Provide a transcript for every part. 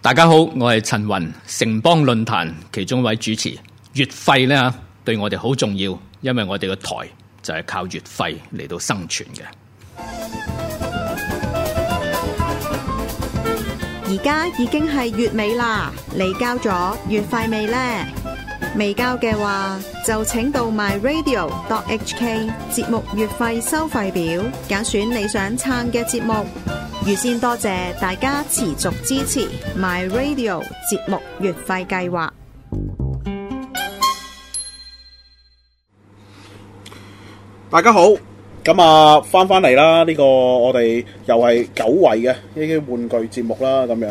大家好，我係陳雲，城邦論壇其中一位主持。月費呢吓，對我哋好重要，因為我哋個台就係靠月費嚟到生存嘅。而家已經係月尾啦，你交咗月費未呢？未交嘅話，就請到 myradio.hk 節目月費收費表，揀選你想撐嘅節目。預先多謝大家持續支持 My Radio 節目月費計劃。大家好，咁啊翻翻嚟啦，呢個我哋又係久違嘅呢啲玩具節目啦，咁樣，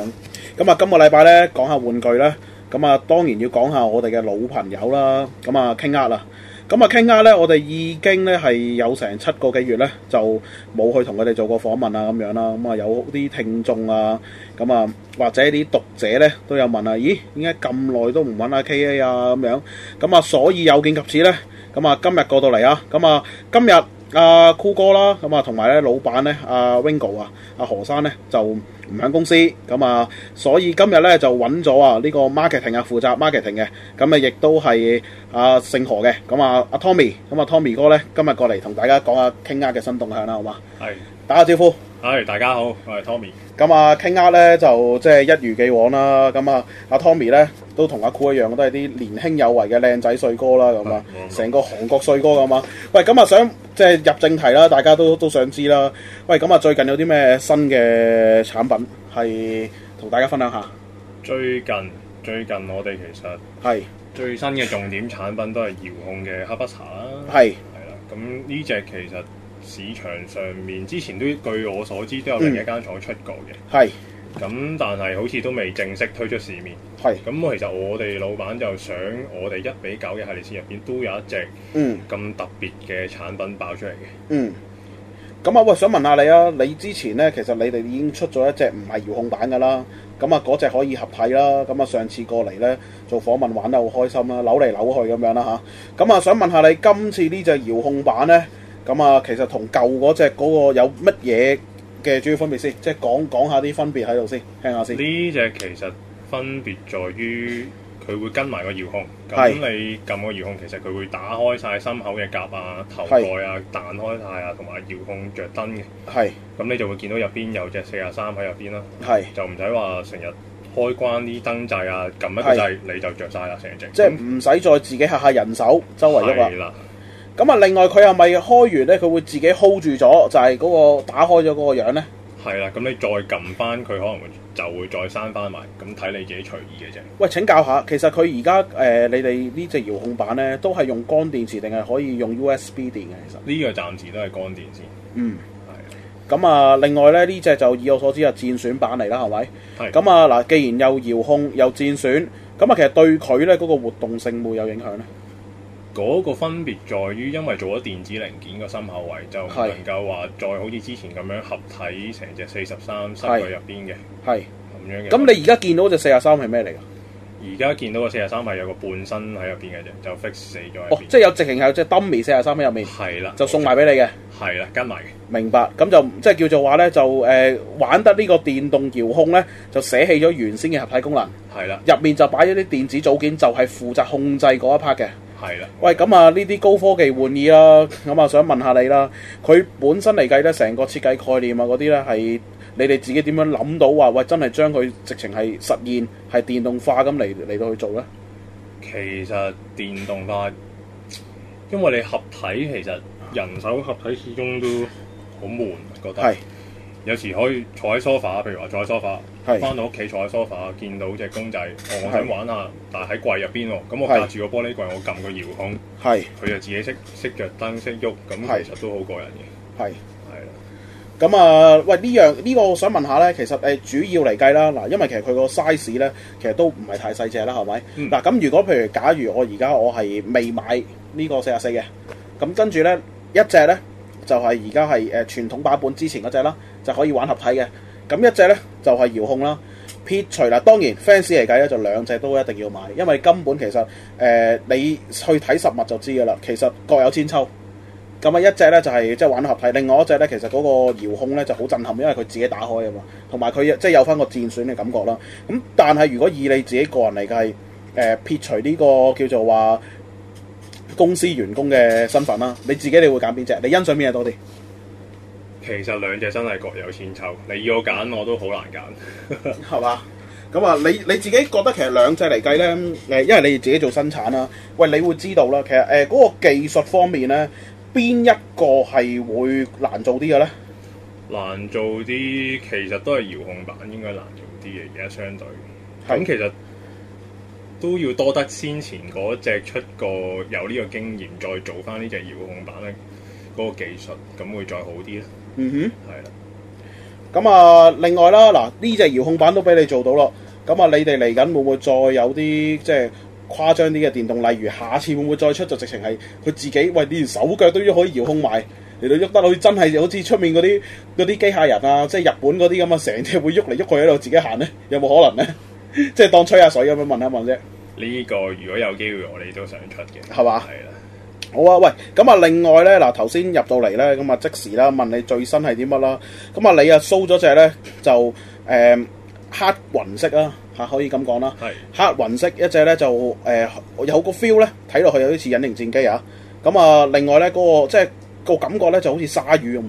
咁啊今個禮拜咧講下玩具啦，咁啊當然要講下我哋嘅老朋友啦，咁啊傾下啦。咁啊，傾下咧，我哋已經咧係有成七個幾月咧，就冇去同佢哋做過訪問啊咁樣啦。咁啊，有啲聽眾啊，咁啊或者啲讀者咧都有問啊，咦，點解咁耐都唔揾阿 K A 啊咁樣？咁啊，所以有見及此咧，咁啊今日過到嚟啊，咁啊今日阿酷哥啦，咁啊同埋咧老闆咧阿 Wingo 啊，阿、啊啊、何生咧就唔喺公司，咁啊，所以今日咧就揾咗啊呢個 marketing 啊負責 marketing 嘅，咁啊亦都係啊姓何嘅，咁啊阿、啊、Tommy，咁啊 Tommy 哥咧今日過嚟同大家講下 King Arts 嘅新動向啦，好嘛？係是，打個招呼。唉，hey, 大家好，我係 Tommy。咁啊，King Arts 咧就即係一如既往啦。咁啊，阿、啊、Tommy 咧。都同阿酷一樣，都係啲年輕有為嘅靚仔帥哥啦，咁啊、嗯，成個韓國帥哥咁啊！嗯、喂，咁啊想即係、就是、入正題啦，大家都都想知啦。喂，咁啊最近有啲咩新嘅產品係同大家分享下最？最近最近我哋其實係是最新嘅重點產品都係遙控嘅黑筆茶啦，係係啦。咁呢隻其實市場上面之前都據我所知都有另一間廠出過嘅，係、嗯。咁但係好似都未正式推出市面。係是。咁其實我哋老闆就想我哋一比九嘅系列線入邊都有一隻，嗯，咁特別嘅產品爆出嚟嘅。嗯。嗯。咁啊，喂，想問下你啊，你之前呢？其實你哋已經出咗一隻唔係遙控版噶啦。咁啊，嗰隻可以合體啦。咁啊，上次過嚟呢做訪問玩得好開心啦，扭嚟扭去咁樣啦吓。咁啊，想問下你，今次呢隻遙控版呢？咁啊，其實同舊嗰隻嗰個有乜嘢？嘅主要分別先，即係講講下啲分別喺度先，聽下先。呢隻其實分別在於佢會跟埋個遙控，咁是你撳個遙控，其實佢會打開晒心口嘅夾啊、頭蓋啊、彈是開晒啊，同埋遙控着燈嘅。係是。咁你就會見到入邊有隻四廿三喺入邊啦。係是。就唔使話成日開關啲燈掣啊，撳一掣是你就着晒啦，成隻。即係唔使再自己嚇下人手，周圍喐啦。咁啊，另外佢又咪開完咧，佢會自己 hold 住咗，就係、是、嗰個打開咗嗰個樣咧。係啦，咁你再撳翻佢，可能會就會再閂翻埋，咁睇你自己隨意嘅啫。喂，請教下，其實佢而家誒，你哋呢隻遙控版咧，都係用乾電池定係可以用 USB 電嘅？其實呢個暫時都係乾電池。嗯，係的。咁啊，另外咧，呢、這、隻、個、就以我所知啊，戰損版嚟啦，係咪的？係。咁啊嗱，既然又遙控又戰損，咁啊，其實對佢咧嗰個活動性會有影響咧？嗰個分別在於，因為做咗電子零件個心口位，就唔能夠話是再好似之前咁樣合體成隻四十三塞入入邊嘅。係咁是樣嘅。咁你而家見到隻四十三係咩嚟㗎？而家見到個四十三係有個半身喺入邊嘅啫，就 fix 死咗。哦，即係有直情係有隻 dummy 四十三喺入面。係啦的，就送埋俾你嘅。係啦，跟埋。明白。咁就即係叫做話咧，就誒、呃、玩得呢個電動遙控咧，就捨棄咗原先嘅合體功能。係啦的，入面就擺咗啲電子組件，就係、是、負責控制嗰一 part 嘅。係啦，喂，咁啊呢啲高科技玩意啦，咁啊想問下你啦，佢本身嚟計咧，成個設計概念啊嗰啲咧，係你哋自己點樣諗到話，喂，真係將佢直情係實現，係電動化咁嚟嚟到去做咧？其實電動化，因為你合體其實人手合體始終都好悶，覺得係。有時可以坐喺梳化，譬如話坐喺梳化，f 翻是到屋企坐喺梳化，f 見到隻公仔、哦，我想玩下，是但係喺櫃入邊喎，咁我隔住個玻璃櫃，我撳個遙控，佢是就自己識識著燈識喐，咁其實都好過癮嘅。係，係啦。咁啊、呃，喂，呢樣呢個、這個、我想問下咧，其實誒、呃、主要嚟計啦，嗱、呃，因為其實佢個 size 咧，其實都唔係太細隻啦，係咪？嗱、嗯，咁、呃、如果譬如假如我而家我係未買個44呢個四十四嘅，咁跟住咧一隻咧。就係而家係誒傳統版本之前嗰隻啦，就可以玩合體嘅。咁一隻咧就係、是、遙控啦，撇除嗱當然 fans 嚟計咧，就兩隻都一定要買，因為根本其實誒、呃、你去睇實物就知噶啦，其實各有千秋。咁啊一隻咧就係即係玩合體，另外一隻咧其實嗰個遙控咧就好震撼，因為佢自己打開啊嘛，同埋佢即係有翻個戰損嘅感覺啦。咁但係如果以你自己個人嚟計，誒、呃、撇除呢、這個叫做話，公司員工嘅身份啦，你自己你會揀邊隻？你欣賞邊隻多啲？其實兩隻真係各有千秋，你要我揀我都好難揀，係嘛？ 咁啊，你你自己覺得其實兩隻嚟計咧，誒，因為你自己做生產啦，喂，你會知道啦。其實誒，嗰、呃那個技術方面咧，邊一個係會難做啲嘅咧？難做啲，其實都係遙控版應該難做啲嘅，而家相對咁，是其實。都要多得先前嗰隻出過有呢個經驗，再做翻呢隻遙控板咧，嗰個技術咁會再好啲咧。嗯哼，係啦。咁啊，另外啦，嗱呢隻遙控板都俾你做到咯。咁啊，你哋嚟緊會唔會再有啲即係誇張啲嘅電動？例如下次會唔會再出就直情係佢自己喂，連手腳都要可以遙控埋嚟到喐得，得好，好似真係好似出面嗰啲嗰啲機械人啊，即係日本嗰啲咁啊，成隻會喐嚟喐去喺度自己行咧，有冇可能咧？ 即係當是吹下水咁樣問一問啫。呢、這個如果有機會，我哋都想出嘅，係嘛吧？係啦的。好啊，喂，咁啊，另外咧，嗱，頭先入到嚟咧，咁啊即時啦，問你最新係啲乜啦？咁啊，你啊 show 咗隻咧，就誒、呃、黑雲色啊，吓可以咁講啦。係的黑雲色一隻咧就誒、呃、有個 feel 咧，睇落去有啲似隱形戰機啊。咁啊，另外咧嗰、那個即係、那個感覺咧就好似鯊魚咁。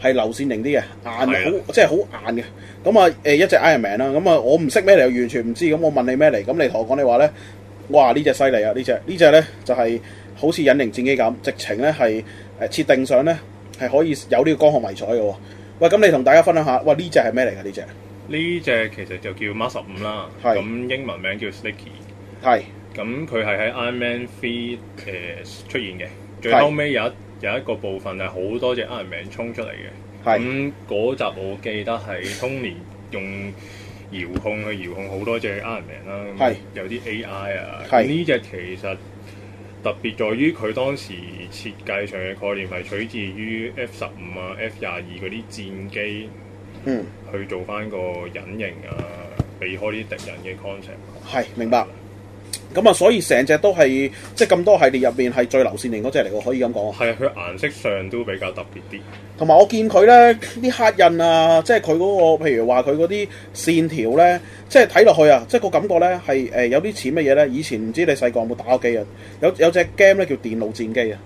係流線型啲嘅，啊、硬的好，即係好硬嘅。咁啊，誒、呃、一隻 Iron Man 啦。咁啊，我唔識咩嚟，又完全唔知。咁我問你咩嚟？咁你同我講你話咧，嘩呢隻犀利啊！呢隻呢隻咧就係、是、好似隱形戰機咁，直情咧係誒設定上咧係可以有呢個光學迷彩嘅。喂，咁你同大家分享下，喂呢隻係咩嚟㗎？呢隻呢隻其實就叫 Mark 十五啦。係。咁的英文名叫 Sneaky 的。係、呃。咁佢係喺 Iron Man Three 出現嘅，最，最後尾有一。有一個部分係好多隻 Iron Man 衝出嚟嘅，咁嗰是、嗯、集我記得係 Tony 用遙控去遙控好多隻 Iron Man 啦，Man, 是有啲 AI 啊，呢隻是其實特別在於佢當時設計上嘅概念係取自於 F 十五啊、F 廿二嗰啲戰機，嗯、去做翻個隱形啊、避開啲敵人嘅 concept。係是、嗯、明白。咁啊，所以成隻都係即係咁多系列入面係最流線型嗰隻嚟，我可以咁講啊。係啊，佢顏色上都比較特別啲。同埋我見佢咧啲刻印啊，即係佢嗰個，譬如話佢嗰啲線條咧，即係睇落去啊，即係個感覺咧係誒有啲似乜嘢咧？以前唔知你細個有冇打過機啊？有有隻 game 咧叫電腦戰機啊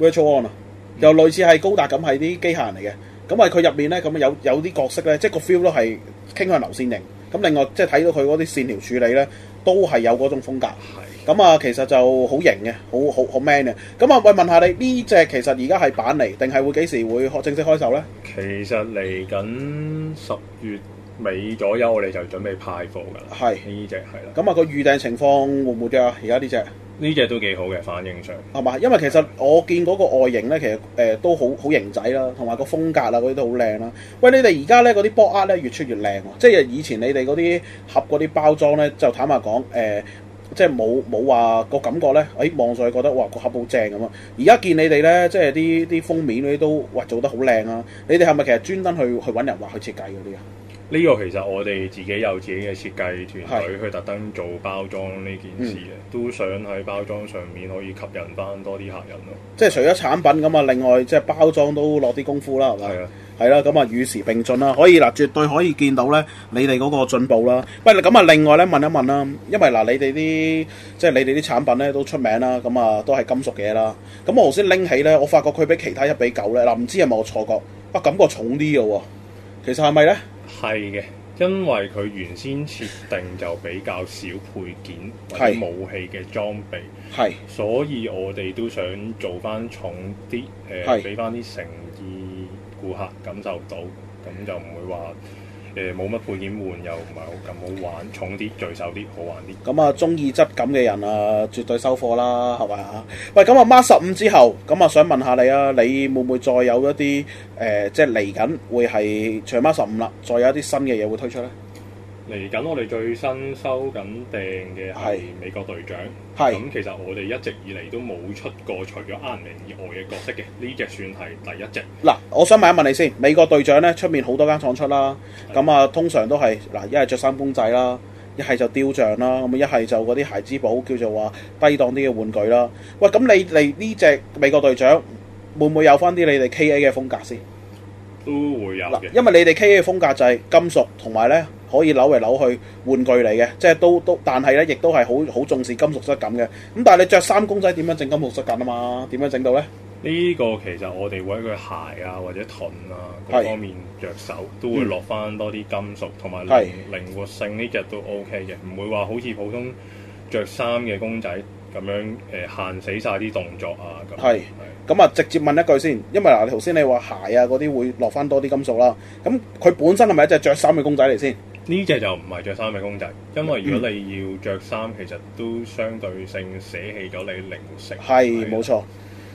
Virtual 啊，On, 又類似係高達咁係啲機械人嚟嘅。咁啊，佢入面咧咁有有啲角色咧，即係個 feel 都係傾向流線型。咁另外即係睇到佢嗰啲線條處理咧，都係有嗰種風格。係的。咁啊，其實就好型嘅，好好好 man 嘅。咁啊，我問下你呢隻其實而家係板嚟，定係會幾時會正式開售咧？其實嚟緊十月尾左右，我哋就準備派貨噶啦。係呢隻係啦。咁啊，個預訂情況會唔會啫？而家呢隻？呢隻都幾好嘅反應上係嘛？因為其實我見嗰個外形咧，其實誒、呃、都好好型仔啦，同埋個風格啦，嗰啲都好靚啦。喂，你哋而家咧嗰啲 box 咧越出越靚喎，啊，即係以前你哋嗰啲盒嗰啲包裝咧，就坦白講誒、呃，即係冇冇話個感覺咧，誒、哎、望上去覺得哇個盒好正咁啊。而家見你哋咧，即係啲啲封面嗰啲都哇，做得好靚啊！你哋係咪其實專登去去揾人話去設計嗰啲啊？呢個其實我哋自己有自己嘅設計團隊去特登做包裝呢件事嘅。嗯、都想喺包裝上面可以吸引返多啲客人咯。即係除咗產品咁啊，另外即係包裝都落啲功夫啦，係咪？係啦的，係啦，咁啊，與時並進啦，可以嗱，絕對可以見到咧，你哋嗰個進步啦。喂，咁啊，另外咧，問一問啦，因為嗱，你哋啲即係你哋啲產品咧都出名啦，咁啊都係金屬嘅嘢啦。咁我頭先拎起咧，我發覺佢比其他一比九咧嗱，唔知係咪我錯覺啊？感覺重啲嘅喎，其實係咪咧？係嘅，因為佢原先設定就比較少配件或者武器嘅裝備，係嘅，所以我哋都想做翻重啲，誒、呃，俾翻啲誠意顧客感受到，咁就唔會話。誒，冇乜配件換又唔係好咁好玩，重啲、聚手啲、好玩啲。咁啊，鍾意質感嘅人啊，絕對收貨啦，係咪啊？喂，咁啊，Mark 15之後，咁啊，想問下你啊，你會唔會再有一啲誒、呃，即係嚟緊會係除咗 Mark 15啦，再有一啲新嘅嘢會推出咧？嚟緊，我哋最新收緊訂嘅係美國隊長。咁是其實我哋一直以嚟都冇出過除咗 Iron Man 以外嘅角色嘅，呢隻算係第一隻。嗱，我想問一問你先，美國隊長咧，出面好多間廠出啦，咁的啊通常都係嗱一係着衫公仔啦，一係就雕像啦，咁一係就嗰啲孩之寶叫做話低檔啲嘅玩具啦。喂，咁你嚟呢隻美國隊長會唔會有翻啲你哋 K A 嘅風格先？都會有，因為你哋 K A 嘅風格就係金屬同埋咧。可以扭嚟扭去，玩具嚟嘅，即係都都，但係咧，亦都係好好重視金屬質感嘅。咁但係你着衫公仔點樣整金屬質感啊嘛？點樣整到咧？呢個其實我哋會喺佢鞋啊或者臀啊嗰方面着手，都會落翻多啲金屬同埋靈靈活性呢隻都 OK 嘅，唔是會話好似普通着衫嘅公仔咁樣誒、呃、限死晒啲動作啊咁。係是，咁啊是直接問一句先，因為嗱，頭先你話鞋啊嗰啲會落翻多啲金屬啦，咁佢本身係咪一隻着衫嘅公仔嚟先？呢隻就唔係着衫嘅公仔，因為如果你要着衫，其實都相對性捨棄咗你靈活性。係是，冇以錯。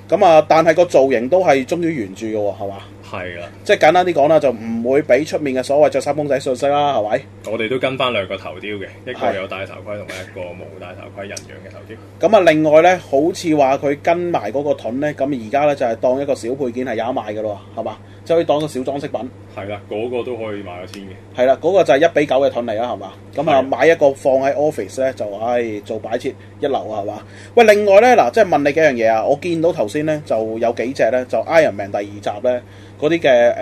咁啊，但係個造型都係忠於原著嘅，係嘛？係啦，即係簡單啲講啦，就唔會俾出面嘅所謂着衫公仔信息啦，係咪？我哋都跟翻兩個頭雕嘅，一個有戴頭盔，同埋一個冇戴頭盔人樣嘅頭雕。咁啊、嗯，另外咧，好似話佢跟埋嗰個盾咧，咁而家咧就係當一個小配件係有得賣嘅咯，係嘛？即係可以當個小裝飾品。係啦，嗰、那個都可以買咗先嘅。係啦，嗰、那個就係一比九嘅盾嚟啦，係嘛？咁、嗯、啊，的買一個放喺 office 咧，就唉、哎、做擺設一流啊，係嘛？喂，另外咧嗱，即係問你幾樣嘢啊？我見到頭先咧就有幾隻咧，就 Iron Man 第二集咧。嗰啲嘅誒，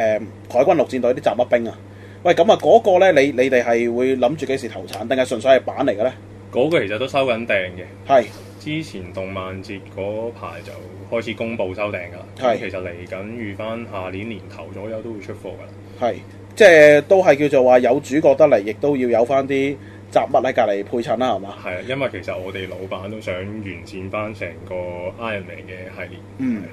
海軍陸戰隊啲雜物兵啊？喂，咁啊嗰個咧，你你哋係會諗住幾時投產，定係純粹係板嚟嘅咧？嗰個其實都收緊訂嘅。係。之前動漫節嗰排就開始公布收訂噶啦。係。其實嚟緊預翻下年年頭左右都會出貨噶。係，即係都係叫做話有主角得嚟，亦都要有翻啲雜物喺隔離配襯啦，係嘛？係啊，因為其實我哋老闆都想完善翻成個 Iron Man 嘅系列。嗯。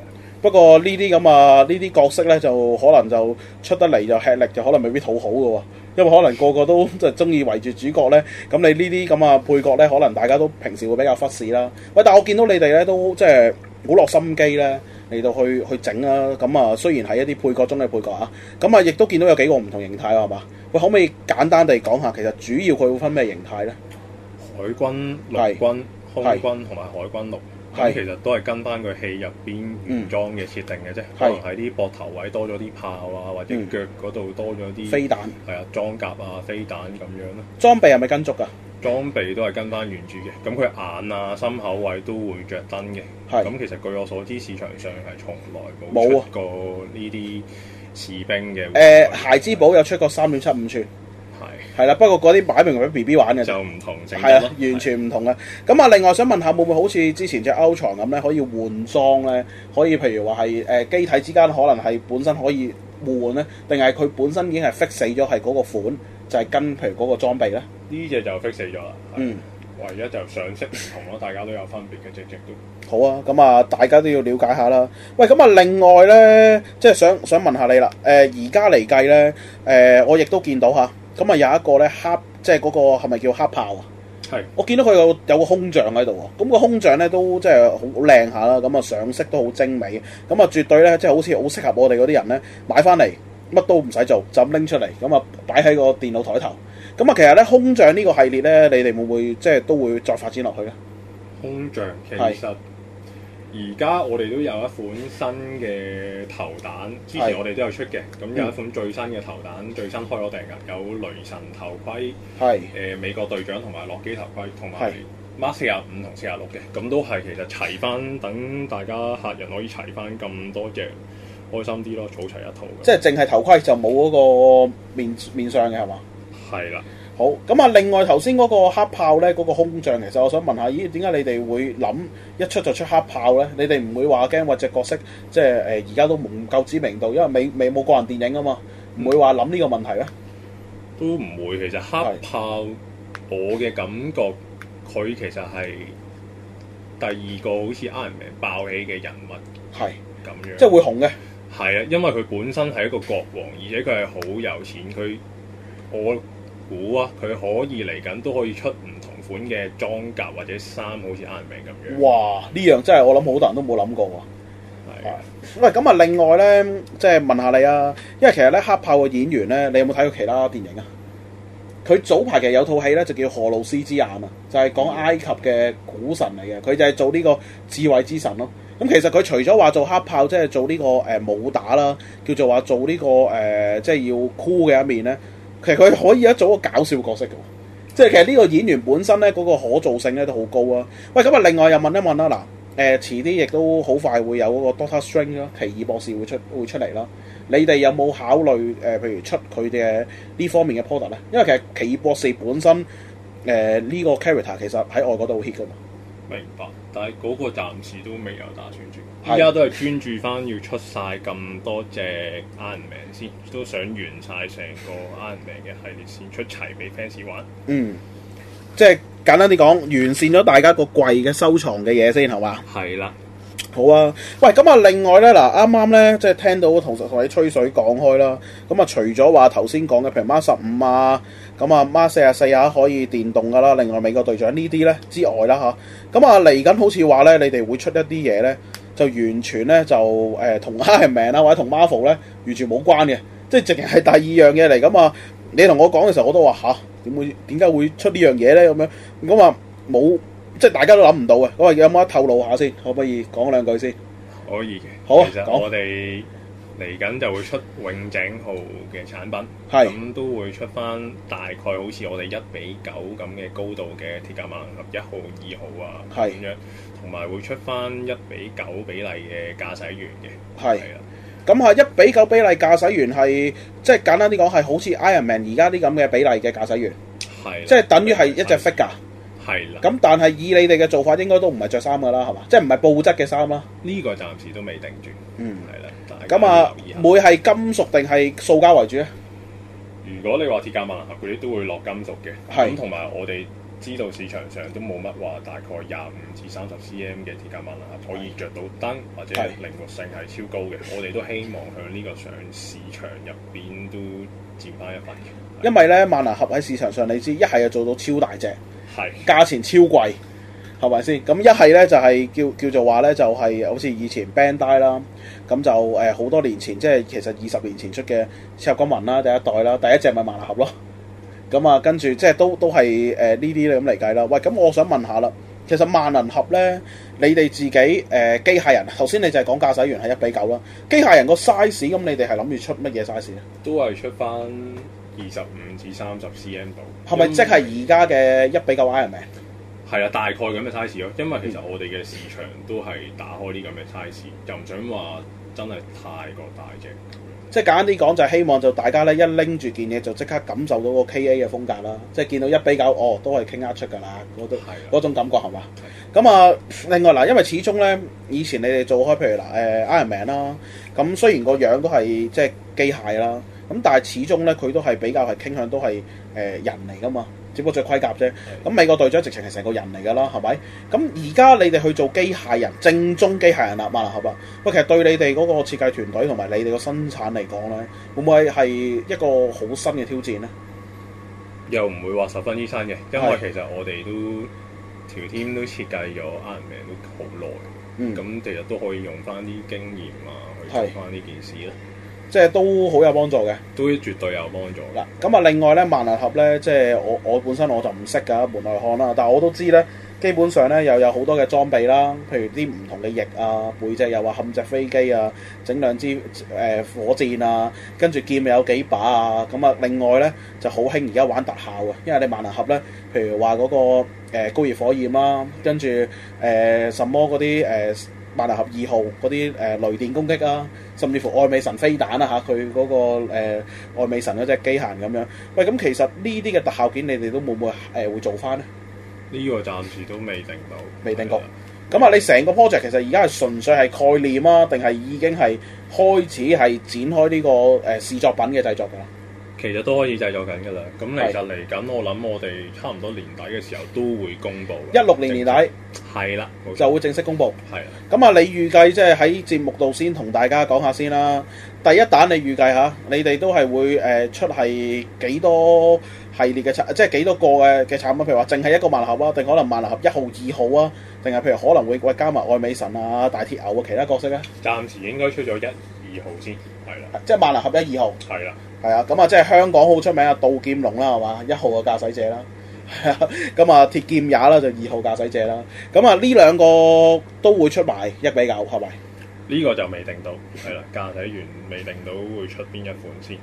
不過呢啲咁啊，呢啲角色咧就可能就出得嚟就吃力，就可能未必討好嘅喎。因為可能個個都即係中意圍住主角咧，咁你呢啲咁啊配角咧，可能大家都平時會比較忽視啦。喂，但係我見到你哋咧都即係好落心機咧嚟到去去整啦。咁啊，雖然係一啲配角中嘅配角啊，咁啊亦、啊、都見到有幾個唔同形態啊，係嘛？喂，可唔可以簡單地講下，其實主要佢會分咩形態咧？海軍、陸軍、是空軍同埋是海軍陸。咁、嗯、其實都係跟翻個戲入邊原裝嘅設定嘅啫，可能喺啲膊頭位多咗啲炮啊，嗯、或者腳嗰度多咗啲飛彈，係啊裝甲啊飛彈咁樣咯。裝備係咪跟足噶？裝備都係跟翻原著嘅，咁、嗯、佢、嗯、眼啊心口位都會着燈嘅。咁、嗯嗯、其實據我所知，市場上係從來冇出過呢啲士兵嘅。誒孩之寶有出過三點七五寸。呃係，係啦。不過嗰啲擺明俾 B B 玩嘅就唔同，係啊，完全唔同啊。咁啊的，另外想問下，會唔會好似之前隻 Ultron 咁咧，可以換裝咧？可以譬如話係誒機體之間可能係本身可以換咧，定係佢本身已經係 fix 死咗係嗰個款，就係、是、跟譬如嗰個裝備咧？呢隻就 fix 死咗啦。嗯，唯一就上色唔同咯，大家都有分別嘅，隻隻都好啊。咁啊，大家都要了解下啦。喂，咁啊，另外咧，即係想想問下你啦。誒、呃，而家嚟計咧，誒、呃，我亦都見到嚇。咁啊、那個是，有一個咧黑、那個，即係嗰個係咪叫黑豹啊？係，我見到佢有有個胸像喺度啊。咁個胸像咧都即係好好靚下啦。咁啊，上色都好精美。咁啊，絕對咧即係好似好適合我哋嗰啲人咧買翻嚟，乜都唔使做，就咁拎出嚟。咁啊，擺喺個電腦台頭。咁啊，其實咧胸像呢個系列咧，你哋會唔會即係都會再發展落去咧？胸像其實。而家我哋都有一款新嘅頭彈，之前我哋都有出嘅，咁有一款最新嘅頭彈，最新開咗訂㗎，有雷神頭盔，係誒是、呃、美國隊長同埋洛基頭盔，同埋 Mark 四十五同四十六嘅，咁都係其實齊翻，等大家客人可以齊翻咁多隻，開心啲咯，儲齊一套。即係淨係頭盔就冇嗰個面面相嘅係嘛？係啦。好咁啊！另外頭先嗰個黑豹咧，嗰、那個空像，其實我想問下，咦？點解你哋會諗一出就出黑豹咧？你哋唔會話驚或者角色即係誒，而、呃、家都唔夠知名度，因為未未冇個人電影啊嘛，唔會話諗呢個問題咧、嗯？都唔會，其實黑豹是我嘅感覺，佢其實係第二個好似 Iron Man 爆起嘅人物，係咁是樣，即係會紅嘅，係啊，因為佢本身係一個國王，而且佢係好有錢，佢我。估啊！佢可以嚟緊，都可以出唔同款嘅裝甲或者衫，好似 Iron Man 咁樣。哇！呢樣真係我諗好多人都冇諗過喎。係喂的，咁啊，另外咧，即係問下你啊，因為其實咧，黑豹嘅演員咧，你有冇睇過其他電影啊？佢早排其實有套戲咧，就叫《荷魯斯之眼》啊，就係講埃及嘅古神嚟嘅，佢就係做呢個智慧之神咯。咁其實佢除咗話做黑豹，即係做呢個誒武打啦，叫做話做呢個誒，即係要酷嘅一面咧。其實佢可以一做個搞笑角色嘅，即係其實呢個演員本身咧嗰個可造性咧都好高啊！喂，咁啊，另外又問一問啦、啊，嗱，誒，遲啲亦都好快會有嗰個 d o t a s t r i n g e 奇異博士會出會出嚟啦，你哋有冇考慮誒、呃，譬如出佢嘅呢方面嘅 port 啊？因為其實奇異博士本身誒呢、呃這個 character 其實喺外國都好 hit 嘛。明白，但係嗰個暫時都未有打算轉，依家的都係專注翻要出晒咁多隻 Iron Man 先，都想完晒成個 Iron Man 嘅系列先出齊俾 fans 玩。嗯，即係簡單啲講，完善咗大家個櫃嘅收藏嘅嘢先，係嘛？係啦的，好啊。喂，咁啊，另外咧，嗱，啱啱咧，即係聽到同同你吹水講開啦，咁啊，除咗話頭先講嘅平翻十五啊。咁啊，Mark、嗯、四啊四啊可以電動噶啦，另外美國隊長呢啲咧之外啦吓，咁啊嚟緊、啊啊、好似話咧，你哋會出一啲嘢咧，就完全咧就誒同、呃、Iron Man 啊或者同 Marvel 咧完全冇關嘅，即係淨係第二樣嘢嚟咁啊。你同我講嘅時候，我都話吓，點、啊、會點解會出樣呢樣嘢咧？咁樣咁啊，冇即係大家都諗唔到啊。咁啊有冇得透露下先？可唔可以講兩句先？可以嘅，好啊，其實 說我哋。嚟緊就會出永井豪嘅產品，咁是都會出翻大概好似我哋一比九咁嘅高度嘅鐵甲萬能俠一號、二號啊，咁是樣，同埋會出翻一比九比例嘅駕駛員嘅，係啦是。咁啊的，一比九比例駕駛員係即係簡單啲講係好似 Iron Man 而家啲咁嘅比例嘅駕駛員，係即係等於係一隻 figure。係啦，咁但係以你哋嘅做法，應該都唔係着衫噶啦，係嘛？即係唔係布質嘅衫啦？呢個暫時都未定住。嗯，係啦。咁啊，會係金屬定係塑膠為主咧？如果你話鐵甲萬能俠嗰啲都會落金屬嘅，咁同埋我哋知道市場上都冇乜話大概廿五至三十 cm 嘅鐵甲萬能俠的可以着到燈，或者靈活性係超高嘅。的我哋都希望向呢個上市場入邊都佔翻一份。的因為咧，萬能俠喺市場上，你知一係又做到超大隻。係，是價錢超貴，係咪先？咁一係咧就係、是、叫叫做話咧，就係、是、好似以前 Bandai 啦，咁就誒好、呃、多年前，即係其實二十年前出嘅超合金魂啦，第一代啦，第一隻咪萬能俠咯。咁啊、嗯，跟住即係都都係誒呢啲咁嚟計啦。喂，咁我想問下啦，其實萬能俠咧，你哋自己誒、呃、機械人，頭先你就係講駕駛員係一比九啦，機械人個 size 咁，你哋係諗住出乜嘢 size 啊？都係出翻。二十五至三十 cm 度，係咪即係而家嘅一比九 Iron Man？係啊，大概咁嘅 size 咯。因為其實我哋嘅市場都係打開呢咁嘅 size，又唔准話真係太過大隻。即係簡單啲講，就係，希望就大家咧一拎住件嘢就即刻感受到個 KA 嘅風格啦。即係見到一比九哦，都係傾得出噶啦，嗰種嗰種感覺係嘛？咁啊的，另外嗱，因為始終咧，以前你哋做開，譬如嗱，誒 Iron Man 啦，咁雖然個樣都係即係機械啦。咁但係始終咧，佢都係比較係傾向都係誒人嚟噶嘛，只不過着盔甲啫。咁是的 美國隊長直情係成個人嚟噶啦，係咪？咁而家你哋去做機械人，正宗機械人啦，萬能俠啦。喂，其實對你哋嗰個設計團隊同埋你哋個生產嚟講咧，會唔會係一個好新嘅挑戰咧？又唔會話十分之新嘅，因為是的 其實我哋都條天都設計咗 Iron Man 都好耐，咁、嗯、其實都可以用翻啲經驗啊，去做翻呢件事啦。即係都好有幫助嘅，都絕對有幫助啦。咁啊，另外咧，萬能俠咧，即係我我本身我就唔識㗎，門外漢啦。但係我都知咧，基本上咧又有好多嘅裝備啦，譬如啲唔同嘅翼啊、背脊又話冚隻飛機啊，整兩支誒、呃、火箭啊，跟住劍有幾把啊。咁啊，另外咧就好興而家玩特效啊，因為你萬能俠咧，譬如話嗰、那個、呃、高熱火焰啦、啊，跟住誒什麼嗰啲誒。呃萬能俠二號嗰啲誒雷電攻擊啊，甚至乎愛美神飛彈啊嚇，佢嗰、那個誒、呃、愛美神嗰隻機械咁樣，喂咁其實呢啲嘅特效件你哋都會唔會誒、呃、會做翻咧？呢個暫時都未定到，未定確。咁啊的，你成個 project 其實而家係純粹係概念啊，定係已經係開始係展開呢、這個誒、呃、試作品嘅製作噶啦？其實都可以製作緊噶啦，咁其實嚟緊，我諗我哋差唔多年底嘅時候都會公布。一六年年底係啦，okay，就會正式公布。係啊了，咁啊，你預計即係喺節目度先同大家講下先啦。第一彈你預計嚇，你哋都係會誒出係幾多系列嘅產，即係幾多個嘅嘅產品？譬如話，淨係一個萬能俠啊，定可能萬能俠一號、二號啊，定係譬如可能會加埋愛美神啊、大鐵牛啊其他角色咧？暫時應該出咗一、二號先。係啦的，即係萬能俠一二號，係啦，係啊，咁啊，即係香港好出名啊，杜劍龍啦，係嘛，一號嘅駕駛者啦，咁啊，鐵劍也啦，就二號駕駛者啦，咁啊，呢兩個都會出埋，一比九，係咪？呢個就未定到，係啦，駕駛員未定到會出邊一款先？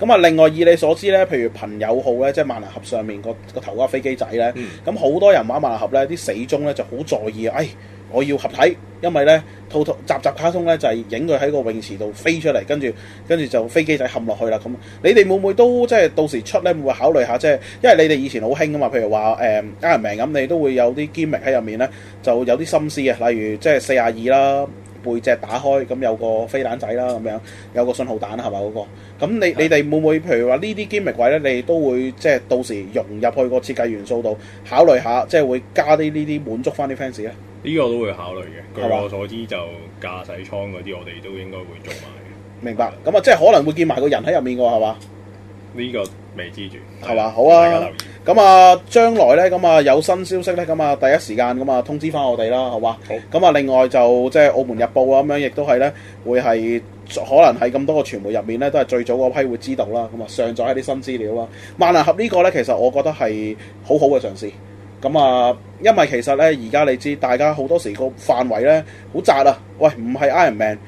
咁啊，另外以你所知咧，譬如朋友號咧，即係萬能俠上面個個頭架飛機仔咧，咁好、嗯、多人玩萬能俠咧，啲死忠咧就好在意，哎。我要合體，因為咧套套集集卡通咧就係、是、影佢喺個泳池度飛出嚟，跟住跟住就飛機仔冚落去啦。咁你哋會唔會都即係到時出咧會，會考慮下即係，因為你哋以前好興噶嘛。譬如話誒 Iron Man 咁，嗯，你都會有啲 gimmick 喺入面咧，就有啲心思啊，例如即係四廿二啦。背脊打開咁有個飛彈仔啦，咁樣有個信號彈係咪？嗰個？咁你的你哋會唔會，譬如話呢啲 gimmick 位咧，你都會即係到時融入去個設計元素度，考慮下即係會加啲呢啲滿足翻啲 fans 咧？呢個都會考慮嘅。據我所知，吧就駕駛艙嗰啲我哋都應該會做埋。明白。咁啊的，即係可能會見埋個人喺入面嘅喎，係嘛？呢個未知住。係嘛？好啊。大家留咁啊，將來咧，咁啊有新消息咧，咁啊第一時間咁啊通知翻我哋啦，好嘛？咁好啊，另外就即係《澳門日報》啊，咁樣亦都係咧，會係可能喺咁多個傳媒入面咧，都係最早嗰批會，會知道啦。咁啊，上載一啲新資料啦。萬能俠呢個咧，其實我覺得係好好嘅嘗試。咁啊，因為其實咧，而家你知，大家好多時個範圍咧好窄啊。喂，唔係 Iron Man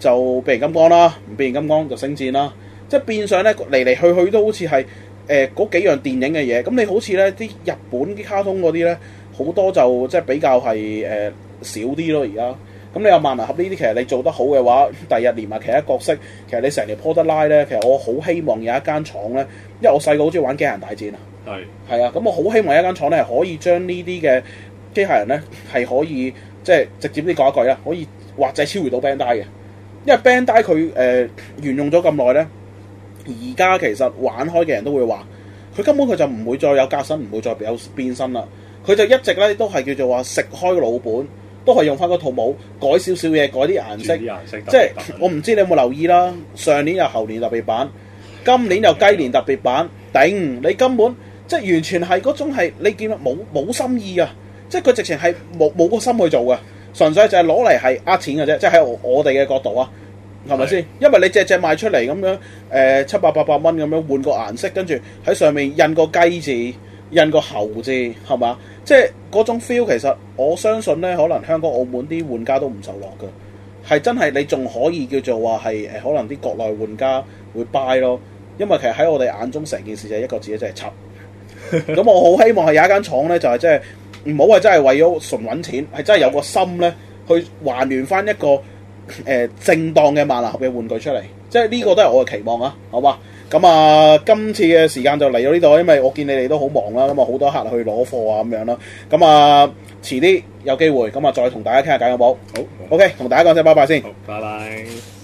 就變形金剛啦，變形金剛就星戰啦，即係變相咧嚟嚟去去都好似係。誒嗰、呃、幾樣電影嘅嘢，咁你好似咧啲日本啲卡通嗰啲咧，好多就即係比較係誒、呃、少啲咯而家。咁你又漫畫呢啲，其實你做得好嘅話，第日連埋其他角色，其實你成日 pull 得拉咧，其實我好希望有一間廠咧，因為我細個好中意玩機械人大戰是啊。係係啊，咁我好希望有一間廠咧係可以將呢啲嘅機械人咧係可以即係、就是、直接啲講一句啊，可以或者超越到 Bandai 嘅，因為 Bandai 佢誒沿、呃、用咗咁耐咧。而家其實玩開嘅人都會話，佢根本佢就唔會再有革新，唔會再有變身啦。佢就一直咧都係叫做話食開老本，都係用翻個套帽，改少少嘢，改啲顏色。即係、就是、我唔知你有冇留意啦。上年又猴年特別版，今年又雞年特別版，頂你根本即係、就是、完全係嗰種係你見到冇冇心意啊！即係佢直情係冇冇個心去做嘅，純粹就係攞嚟係呃錢嘅啫。即係喺我我哋嘅角度啊。係咪先？因為你只只賣出嚟咁樣，誒、呃、七百八百蚊咁樣換個顏色，跟住喺上面印個雞字，印個猴字，係嘛？即係嗰種 feel，其實我相信呢，可能香港澳門啲玩家都唔受落嘅。係真係你仲可以叫做話係，誒可能啲國內玩家會 buy 咯。因為其實喺我哋眼中，成件事就係一個字，即係抄。咁 我好希望係有一間廠呢，就係即係唔好係真係為咗純揾錢，係真係有個心呢，去還原翻一個。誒正當嘅萬能俠嘅玩具出嚟，即係呢個都係我嘅期望啊，好嘛？咁啊，今次嘅時間就嚟到呢度，因為我見你哋都好忙啦，咁啊好多客去攞貨啊咁樣咯。咁啊，遲啲有機會咁啊，再同大家傾下偈好冇？好 OK，同大家講聲拜拜先。拜拜。Bye bye。